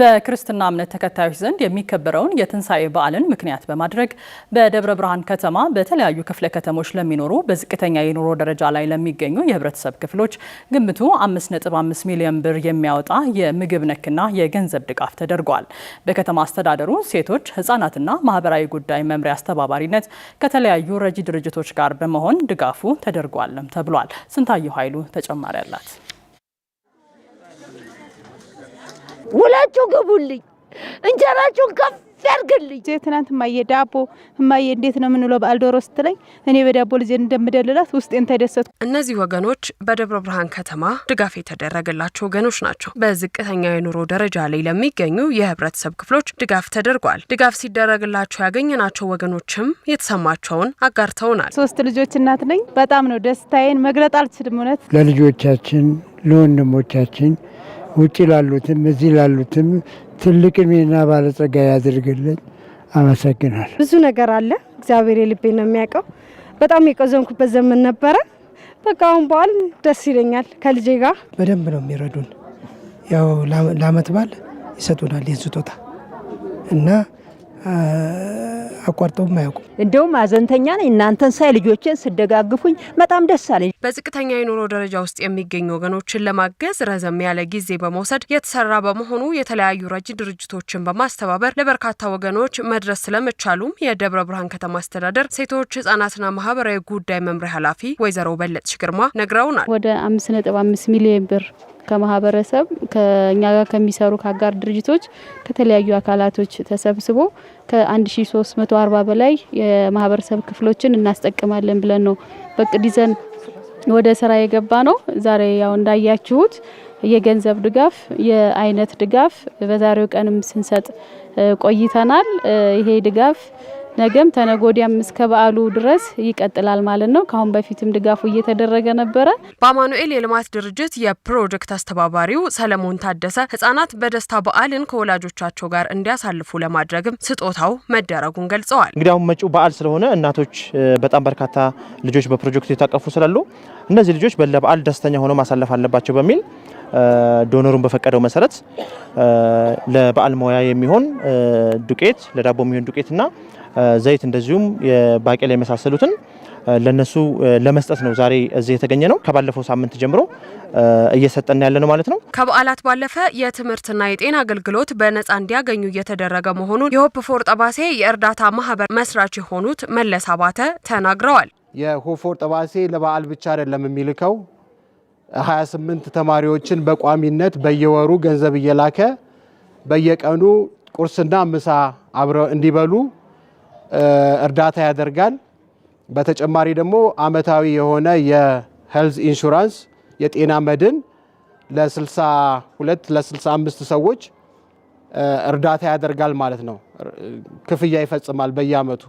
በክርስትና እምነት ተከታዮች ዘንድ የሚከበረውን የትንሣኤ በዓልን ምክንያት በማድረግ በደብረ ብርሃን ከተማ በተለያዩ ክፍለ ከተሞች ለሚኖሩ በዝቅተኛ የኑሮ ደረጃ ላይ ለሚገኙ የህብረተሰብ ክፍሎች ግምቱ 5.5 ሚሊዮን ብር የሚያወጣ የምግብ ነክና የገንዘብ ድጋፍ ተደርጓል። በከተማ አስተዳደሩ ሴቶች ህጻናትና ማህበራዊ ጉዳይ መምሪያ አስተባባሪነት ከተለያዩ ረጂ ድርጅቶች ጋር በመሆን ድጋፉ ተደርጓልም ተብሏል። ስንታየሁ ኃይሉ ተጨማሪ አላት። ውላችሁ ግቡልኝ፣ እንጀራችሁን ከፍ ያርግልኝ። ትናንት እማዬ ዳቦ እማዬ እንዴት ነው የምንለው በዓል ዶሮ ስትለኝ እኔ በዳቦ ልጄ እንደምደልላት ውስጤን ተደሰት። እነዚህ ወገኖች በደብረ ብርሃን ከተማ ድጋፍ የተደረገላቸው ወገኖች ናቸው። በዝቅተኛ የኑሮ ደረጃ ላይ ለሚገኙ የህብረተሰብ ክፍሎች ድጋፍ ተደርጓል። ድጋፍ ሲደረግላቸው ያገኘናቸው ወገኖችም የተሰማቸውን አጋርተውናል። ሶስት ልጆች እናት ነኝ። በጣም ነው ደስታዬን መግለጥ አልችልም። እውነት ለልጆቻችን ለወንድሞቻችን ውጭ ላሉትም እዚህ ላሉትም ትልቅ ሚና ባለጸጋ ያድርግልን። አመሰግናል። ብዙ ነገር አለ። እግዚአብሔር የልቤ ነው የሚያውቀው። በጣም የቆዘንኩበት ዘመን ነበረ። በቃ አሁን በዓል ደስ ይለኛል ከልጄ ጋር። በደንብ ነው የሚረዱን። ያው ለአመት በዓል ይሰጡናል ይህን ስጦታ እና አቋርጠው ማያውቁ እንደውም አዘንተኛ ነኝ እናንተን ሳይ ልጆችን ስደጋግፉኝ በጣም ደስ አለኝ። በዝቅተኛ የኑሮ ደረጃ ውስጥ የሚገኙ ወገኖችን ለማገዝ ረዘም ያለ ጊዜ በመውሰድ የተሰራ በመሆኑ የተለያዩ ረጅ ድርጅቶችን በማስተባበር ለበርካታ ወገኖች መድረስ ስለመቻሉም የደብረ ብርሃን ከተማ አስተዳደር ሴቶች ህጻናትና ማህበራዊ ጉዳይ መምሪያ ኃላፊ ወይዘሮ በለጥሽ ግርማ ነግረውናል። ወደ አምስት ነጥብ አምስት ሚሊዮን ብር ከማህበረሰብ ከእኛ ጋር ከሚሰሩ ከአጋር ድርጅቶች ከተለያዩ አካላቶች ተሰብስቦ ከ1340 በላይ የማህበረሰብ ክፍሎችን እናስጠቅማለን ብለን ነው በቅድ ይዘን ወደ ስራ የገባ ነው። ዛሬ ያው እንዳያችሁት የገንዘብ ድጋፍ፣ የአይነት ድጋፍ በዛሬው ቀንም ስንሰጥ ቆይተናል። ይሄ ድጋፍ ነገም ተነጎዲያም እስከ በዓሉ ድረስ ይቀጥላል ማለት ነው። ከአሁን በፊትም ድጋፉ እየተደረገ ነበረ። በአማኑኤል የልማት ድርጅት የፕሮጀክት አስተባባሪው ሰለሞን ታደሰ ህጻናት በደስታ በዓልን ከወላጆቻቸው ጋር እንዲያሳልፉ ለማድረግም ስጦታው መደረጉን ገልጸዋል። እንግዲህ አሁን መጪው በዓል ስለሆነ እናቶች በጣም በርካታ ልጆች በፕሮጀክቱ የታቀፉ ስላሉ እነዚህ ልጆች በለበዓል ደስተኛ ሆነው ማሳለፍ አለባቸው በሚል ዶኖሩን በፈቀደው መሰረት ለበዓል ሞያ የሚሆን ዱቄት፣ ለዳቦ የሚሆን ዱቄት እና ዘይት እንደዚሁም ባቄላ የመሳሰሉትን ለነሱ ለመስጠት ነው ዛሬ እዚህ የተገኘ ነው። ከባለፈው ሳምንት ጀምሮ እየሰጠን ያለ ነው ማለት ነው። ከበዓላት ባለፈ የትምህርትና የጤና አገልግሎት በነጻ እንዲያገኙ እየተደረገ መሆኑን የሆፕ ፎር ጠባሴ የእርዳታ ማህበር መስራች የሆኑት መለስ አባተ ተናግረዋል። የሆፕ ፎር ጠባሴ ለበዓል ብቻ አይደለም የሚልከው 28 ተማሪዎችን በቋሚነት በየወሩ ገንዘብ እየላከ በየቀኑ ቁርስና ምሳ አብረው እንዲበሉ እርዳታ ያደርጋል። በተጨማሪ ደግሞ አመታዊ የሆነ የሄልዝ ኢንሹራንስ የጤና መድን ለ62 ለ65 ሰዎች እርዳታ ያደርጋል ማለት ነው። ክፍያ ይፈጽማል በየአመቱ።